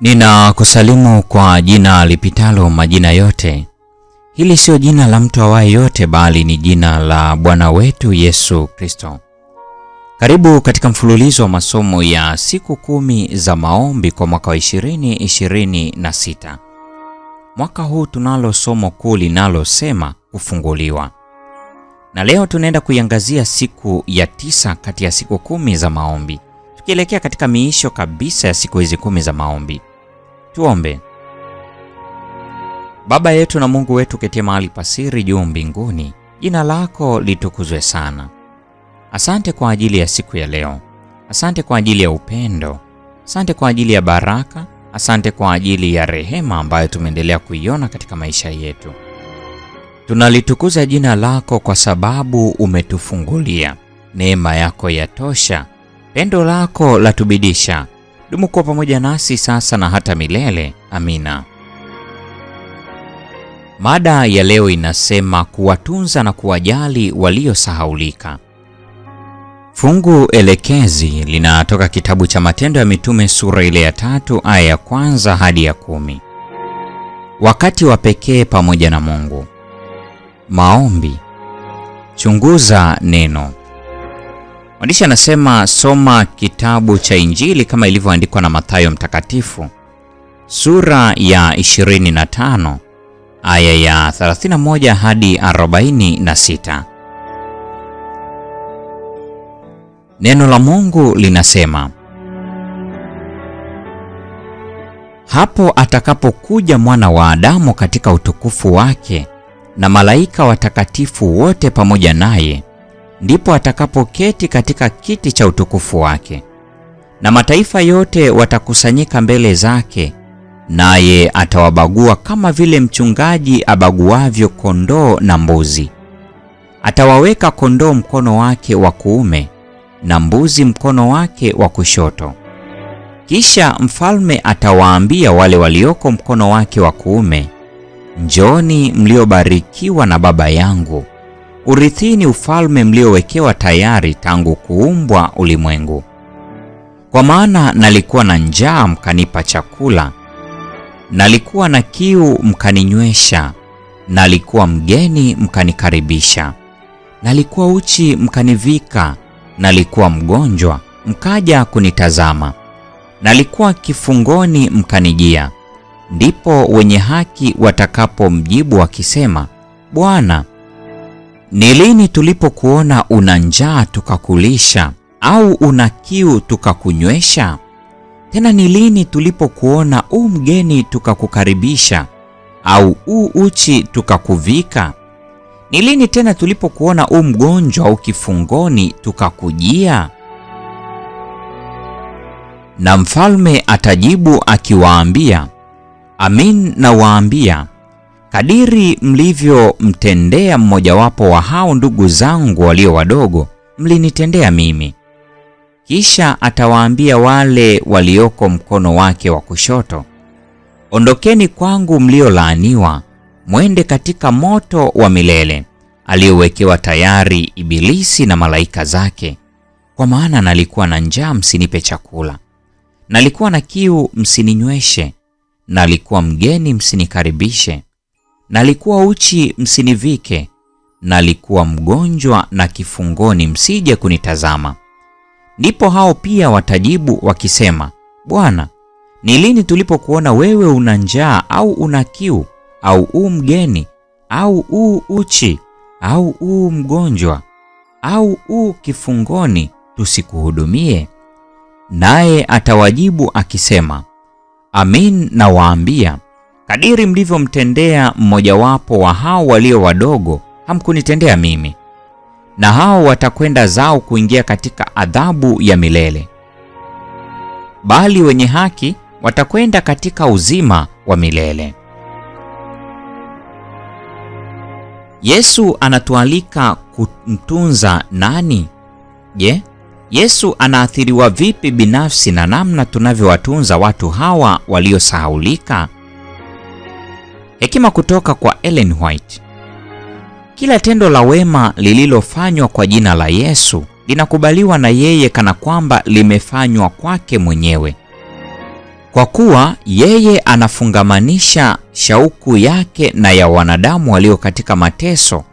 Ninakusalimu kwa jina lipitalo majina yote. Hili sio jina la mtu awaye yote, bali ni jina la Bwana wetu Yesu Kristo. Karibu katika mfululizo wa masomo ya siku kumi za maombi kwa mwaka wa sita. Mwaka huu tunalo somo kuu linalosema kufunguliwa, na leo tunaenda kuiangazia siku ya tisa kati ya siku kumi za maombi, tukielekea katika miisho kabisa ya siku hizi kumi za maombi. Tuombe. Baba yetu na Mungu wetu ketie mahali pasiri juu mbinguni, jina lako litukuzwe sana. Asante kwa ajili ya siku ya leo, asante kwa ajili ya upendo, asante kwa ajili ya baraka, asante kwa ajili ya rehema ambayo tumeendelea kuiona katika maisha yetu. Tunalitukuza jina lako kwa sababu umetufungulia, neema yako yatosha, pendo lako latubidisha Dumu kuwa pamoja nasi sasa na hata milele. Amina. Mada ya leo inasema kuwatunza na kuwajali waliosahaulika. Fungu elekezi linatoka kitabu cha Matendo ya Mitume sura ile ya tatu aya ya kwanza hadi ya kumi. Wakati wa pekee pamoja na Mungu. Maombi. Chunguza neno. Mwandishi anasema soma kitabu cha Injili kama ilivyoandikwa na Mathayo Mtakatifu sura ya 25 aya ya 31 hadi 46. Neno la Mungu linasema, hapo atakapokuja mwana wa Adamu katika utukufu wake na malaika watakatifu wote pamoja naye ndipo atakapoketi katika kiti cha utukufu wake, na mataifa yote watakusanyika mbele zake, naye atawabagua kama vile mchungaji abaguavyo kondoo na mbuzi. Atawaweka kondoo mkono wake wa kuume na mbuzi mkono wake wa kushoto. Kisha mfalme atawaambia wale walioko mkono wake wa kuume, Njoni mliobarikiwa na Baba yangu, Urithini ufalme mliowekewa tayari tangu kuumbwa ulimwengu. Kwa maana nalikuwa na njaa mkanipa chakula, nalikuwa na kiu mkaninywesha, nalikuwa mgeni mkanikaribisha, nalikuwa uchi mkanivika, nalikuwa mgonjwa mkaja kunitazama, nalikuwa kifungoni mkanijia. Ndipo wenye haki watakapomjibu wakisema, Bwana ni lini tulipokuona una njaa tukakulisha, au una kiu tukakunywesha? Tena ni lini tulipokuona u mgeni tukakukaribisha, au u uchi tukakuvika? Ni lini tena tulipokuona u mgonjwa au kifungoni tukakujia? Na mfalme atajibu akiwaambia, amin nawaambia Kadiri mlivyomtendea mmojawapo wa hao ndugu zangu walio wadogo, mlinitendea mimi. Kisha atawaambia wale walioko mkono wake wa kushoto, ondokeni kwangu mliolaaniwa, mwende katika moto wa milele aliyowekewa tayari Ibilisi na malaika zake. Kwa maana nalikuwa na njaa, msinipe chakula; nalikuwa na kiu, msininyweshe; nalikuwa mgeni, msinikaribishe; nalikuwa uchi msinivike, nalikuwa mgonjwa na kifungoni msije kunitazama. Ndipo hao pia watajibu wakisema, Bwana, ni lini tulipokuona wewe una njaa au una kiu au uu mgeni au uu uchi au uu mgonjwa au uu kifungoni tusikuhudumie? Naye atawajibu akisema, Amin nawaambia kadiri mlivyomtendea mmojawapo wa hao walio wadogo, hamkunitendea mimi, na hao watakwenda zao kuingia katika adhabu ya milele, bali wenye haki watakwenda katika uzima wa milele. Yesu anatualika kumtunza nani? Je, Yesu anaathiriwa vipi binafsi na namna tunavyowatunza watu hawa waliosahaulika? Hekima kutoka kwa Ellen White. Kila tendo la wema lililofanywa kwa jina la Yesu linakubaliwa na yeye kana kwamba limefanywa kwake mwenyewe. Kwa kuwa yeye anafungamanisha shauku yake na ya wanadamu walio katika mateso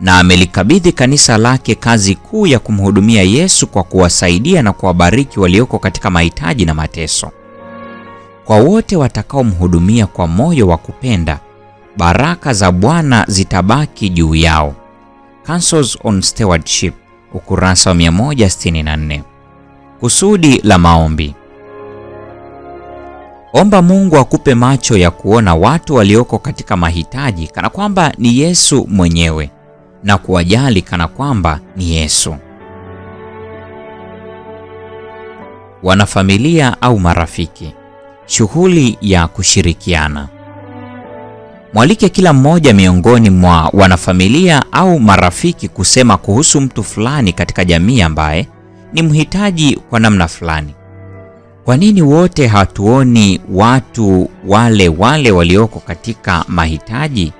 na amelikabidhi kanisa lake kazi kuu ya kumhudumia Yesu kwa kuwasaidia na kuwabariki walioko katika mahitaji na mateso kwa wote watakaomhudumia kwa moyo wa kupenda, baraka za Bwana zitabaki juu yao. Councils on Stewardship, ukurasa wa 164. Kusudi la maombi. Omba Mungu akupe macho ya kuona watu walioko katika mahitaji kana kwamba ni Yesu mwenyewe na kuwajali kana kwamba ni Yesu. Wanafamilia au marafiki Shughuli ya kushirikiana. Mwalike kila mmoja miongoni mwa wanafamilia au marafiki kusema kuhusu mtu fulani katika jamii ambaye ni mhitaji kwa namna fulani. Kwa nini wote hatuoni watu wale wale walioko katika mahitaji?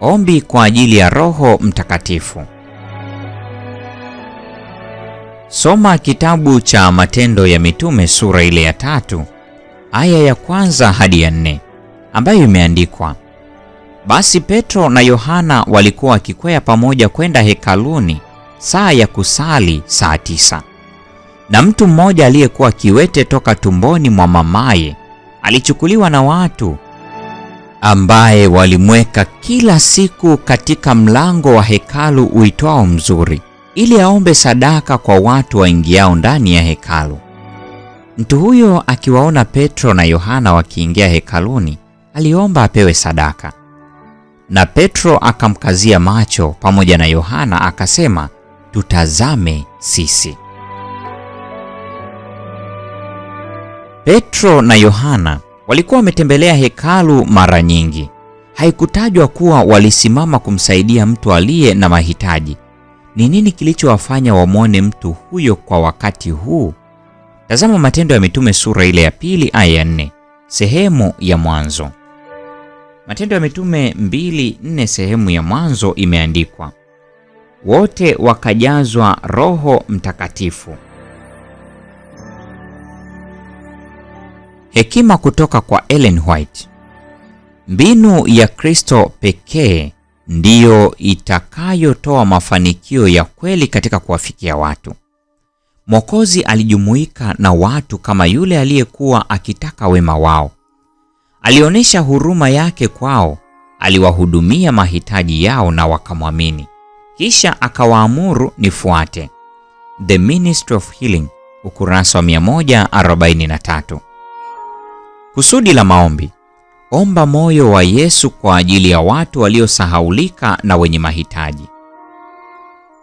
Ombi kwa ajili ya Roho Mtakatifu. Soma kitabu cha Matendo ya Mitume sura ile ya tatu aya ya kwanza hadi ya nne ambayo imeandikwa basi Petro na Yohana walikuwa wakikwea pamoja kwenda hekaluni saa ya kusali saa tisa. Na mtu mmoja aliyekuwa kiwete toka tumboni mwa mamaye alichukuliwa na watu, ambaye walimweka kila siku katika mlango wa hekalu uitwao Mzuri, ili aombe sadaka kwa watu waingiao ndani ya hekalu. Mtu huyo akiwaona Petro na Yohana wakiingia hekaluni, aliomba apewe sadaka. Na Petro akamkazia macho pamoja na Yohana akasema, tutazame sisi. Petro na Yohana walikuwa wametembelea hekalu mara nyingi. Haikutajwa kuwa walisimama kumsaidia mtu aliye na mahitaji, ni nini kilichowafanya wamwone mtu huyo kwa wakati huu? Tazama Matendo ya Mitume sura ile ya pili aya ya nne sehemu ya mwanzo. Matendo ya Mitume mbili nne sehemu ya mwanzo imeandikwa, wote wakajazwa Roho Mtakatifu. Hekima kutoka kwa Ellen White. Mbinu ya Kristo pekee ndiyo itakayotoa mafanikio ya kweli katika kuwafikia watu. Mwokozi alijumuika na watu kama yule aliyekuwa akitaka wema wao. Alionyesha huruma yake kwao, aliwahudumia mahitaji yao na wakamwamini. Kisha akawaamuru, nifuate. The Ministry of Healing, ukurasa wa 143. Kusudi la maombi. Omba moyo wa Yesu kwa ajili ya watu waliosahaulika na wenye mahitaji.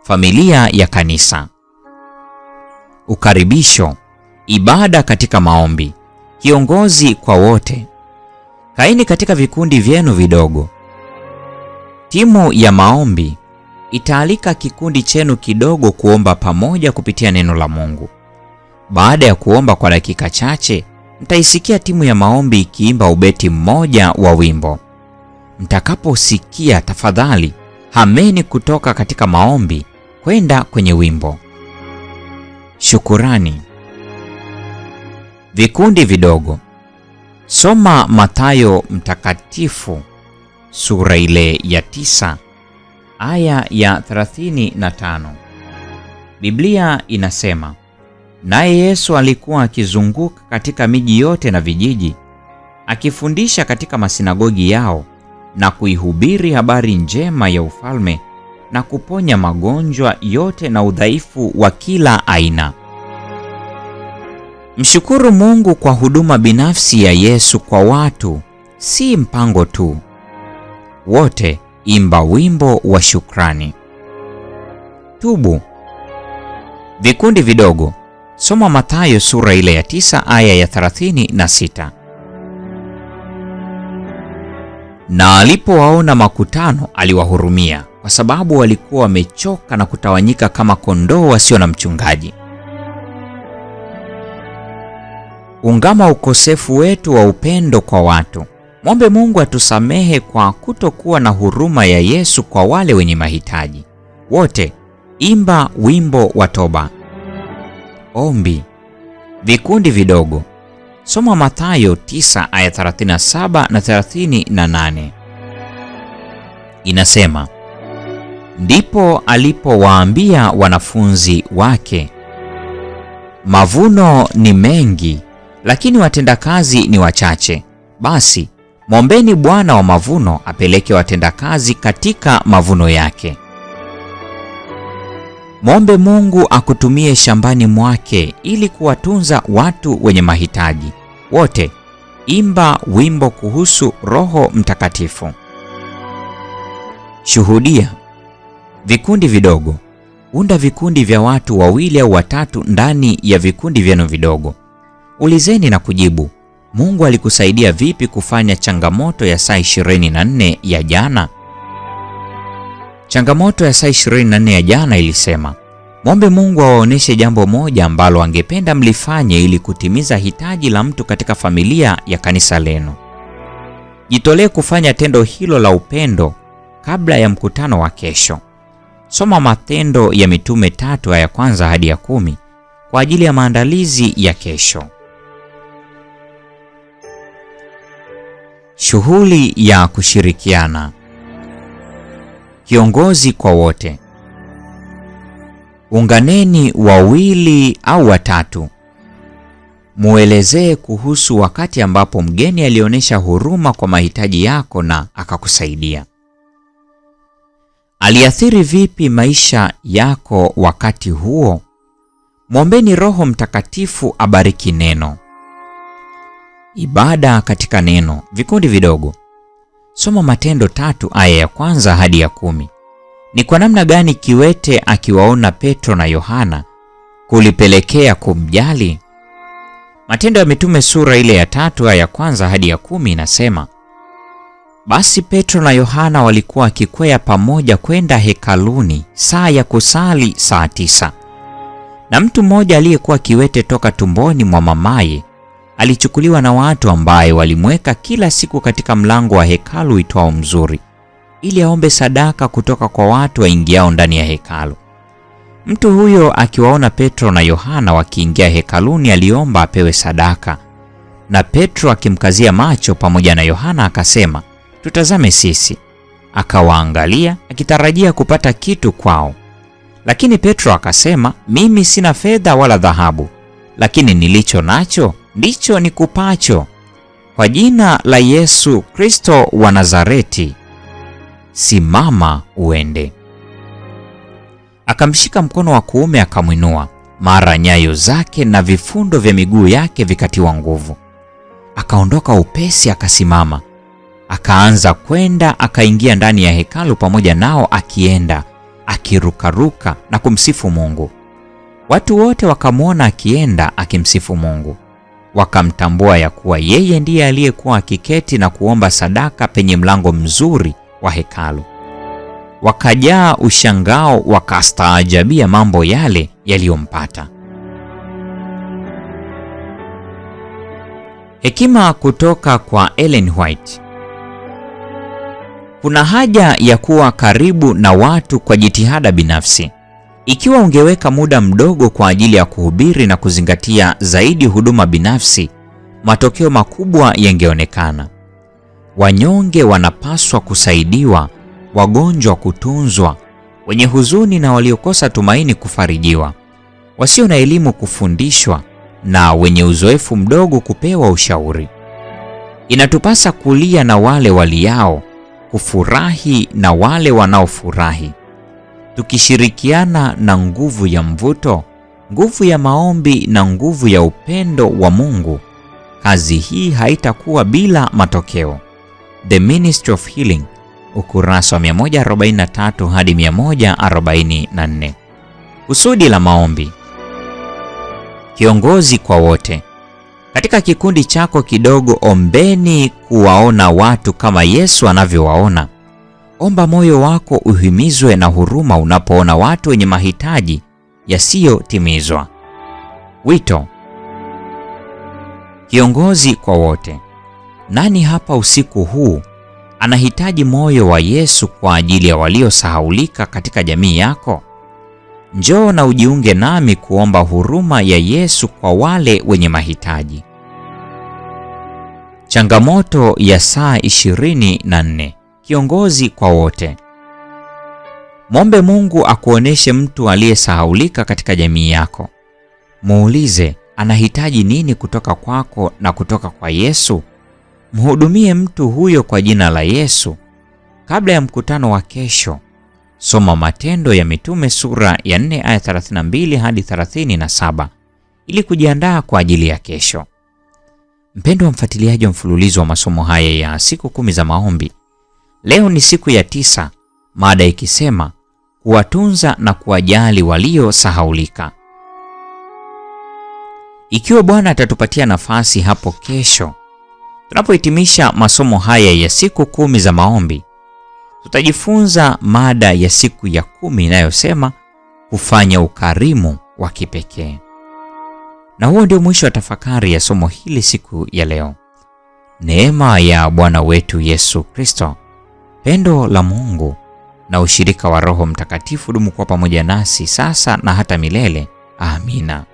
Familia ya kanisa. Ukaribisho, ibada katika maombi, kiongozi kwa wote. Kaini katika vikundi vyenu vidogo. Timu ya maombi itaalika kikundi chenu kidogo kuomba pamoja kupitia neno la Mungu. Baada ya kuomba kwa dakika chache, mtaisikia timu ya maombi ikiimba ubeti mmoja wa wimbo. Mtakaposikia, tafadhali hameni kutoka katika maombi kwenda kwenye wimbo. Shukurani. Vikundi vidogo. Soma Mathayo mtakatifu sura ile ya tisa aya ya 35. Biblia inasema Naye Yesu alikuwa akizunguka katika miji yote na vijiji, akifundisha katika masinagogi yao na kuihubiri habari njema ya ufalme na kuponya magonjwa yote na udhaifu wa kila aina. Mshukuru Mungu kwa huduma binafsi ya Yesu kwa watu, si mpango tu. Wote imba wimbo wa shukrani. Tubu. Vikundi vidogo Soma Mathayo sura ile ya tisa aya ya thelathini na sita. Na alipowaona makutano aliwahurumia, kwa sababu walikuwa wamechoka na kutawanyika kama kondoo wasio na mchungaji. Ungama ukosefu wetu wa upendo kwa watu. Mwombe Mungu atusamehe kwa kutokuwa na huruma ya Yesu kwa wale wenye mahitaji. Wote imba wimbo wa toba. Ombi, vikundi vidogo. Soma Mathayo 9 aya 37 na 38. Inasema, ndipo alipowaambia wanafunzi wake, mavuno ni mengi, lakini watendakazi ni wachache. Basi mwombeni Bwana wa mavuno apeleke watendakazi katika mavuno yake. Mwombe Mungu akutumie shambani mwake ili kuwatunza watu wenye mahitaji wote. Imba wimbo kuhusu Roho Mtakatifu. Shuhudia vikundi vidogo. Unda vikundi vya watu wawili au watatu ndani ya vikundi vyenu vidogo. Ulizeni na kujibu, Mungu alikusaidia vipi kufanya changamoto ya saa 24 ya jana? Changamoto ya saa 24 ya jana ilisema, mwombe Mungu awaoneshe jambo moja ambalo angependa mlifanye ili kutimiza hitaji la mtu katika familia ya kanisa lenu. Jitolee kufanya tendo hilo la upendo kabla ya mkutano wa kesho. Soma Matendo ya Mitume tatu aya kwanza hadi ya kumi kwa ajili ya maandalizi ya kesho. Shughuli ya kushirikiana kiongozi kwa wote. Unganeni wawili au watatu, muelezee kuhusu wakati ambapo mgeni alionyesha huruma kwa mahitaji yako na akakusaidia. Aliathiri vipi maisha yako wakati huo? Mwombeni Roho Mtakatifu abariki neno. Ibada katika neno, vikundi vidogo. Soma Matendo tatu aya ya kwanza hadi ya kumi. Ni kwa namna gani kiwete akiwaona Petro na Yohana kulipelekea kumjali? Matendo ya Mitume sura ile ya tatu aya ya kwanza hadi ya kumi inasema, basi Petro na Yohana walikuwa wakikwea pamoja kwenda hekaluni saa ya kusali saa tisa, na mtu mmoja aliyekuwa kiwete toka tumboni mwa mamaye alichukuliwa na watu ambaye walimweka kila siku katika mlango wa hekalu uitwao Mzuri ili aombe sadaka kutoka kwa watu waingiao ndani ya hekalu. Mtu huyo akiwaona Petro na Yohana wakiingia hekaluni, aliomba apewe sadaka, na Petro akimkazia macho pamoja na Yohana akasema, tutazame sisi. Akawaangalia akitarajia kupata kitu kwao, lakini Petro akasema, mimi sina fedha wala dhahabu, lakini nilicho nacho ndicho nikupacho kwa jina la Yesu Kristo wa Nazareti, simama uende. Akamshika mkono wa kuume akamwinua, mara nyayo zake na vifundo vya miguu yake vikatiwa nguvu. Akaondoka upesi, akasimama, akaanza kwenda, akaingia ndani ya hekalu pamoja nao, akienda akirukaruka na kumsifu Mungu. Watu wote wakamwona akienda akimsifu Mungu wakamtambua ya kuwa yeye ndiye aliyekuwa akiketi na kuomba sadaka penye mlango mzuri wa hekalu. Wakajaa ushangao, wakastaajabia mambo yale yaliyompata. Hekima kutoka kwa Ellen White. Kuna haja ya kuwa karibu na watu kwa jitihada binafsi. Ikiwa ungeweka muda mdogo kwa ajili ya kuhubiri na kuzingatia zaidi huduma binafsi, matokeo makubwa yangeonekana. Wanyonge wanapaswa kusaidiwa, wagonjwa kutunzwa, wenye huzuni na waliokosa tumaini kufarijiwa, wasio na elimu kufundishwa, na wenye uzoefu mdogo kupewa ushauri. Inatupasa kulia na wale waliao, kufurahi na wale wanaofurahi tukishirikiana na nguvu ya mvuto, nguvu ya maombi na nguvu ya upendo wa Mungu, kazi hii haitakuwa bila matokeo. The Ministry of Healing, ukurasa wa 143 hadi 144. Kusudi la maombi. Kiongozi kwa wote. Katika kikundi chako kidogo, ombeni kuwaona watu kama Yesu anavyowaona. Omba moyo wako uhimizwe na huruma unapoona watu wenye mahitaji yasiyotimizwa. Wito: kiongozi kwa wote. Nani hapa usiku huu anahitaji moyo wa Yesu kwa ajili ya waliosahaulika katika jamii yako? Njoo na ujiunge nami kuomba huruma ya Yesu kwa wale wenye mahitaji. Changamoto ya saa 24 kiongozi kwa wote. Mwombe Mungu akuoneshe mtu aliyesahaulika katika jamii yako. Muulize anahitaji nini kutoka kwako na kutoka kwa Yesu. Mhudumie mtu huyo kwa jina la Yesu. Kabla ya mkutano wa kesho, soma Matendo ya Mitume sura ya 4 aya 32 hadi 37 ili kujiandaa kwa ajili ya kesho. Mpendwa mfuatiliaji wa mfululizo wa masomo haya ya siku kumi za maombi Leo ni siku ya tisa, mada ikisema kuwatunza na kuwajali waliosahaulika. Ikiwa Bwana atatupatia nafasi hapo kesho, tunapohitimisha masomo haya ya siku kumi za maombi, tutajifunza mada ya siku ya kumi inayosema kufanya ukarimu wa kipekee. Na huo ndio mwisho wa tafakari ya somo hili siku ya leo. Neema ya Bwana wetu Yesu Kristo Pendo la Mungu na ushirika wa Roho Mtakatifu dumu kuwa pamoja nasi sasa na hata milele. Amina.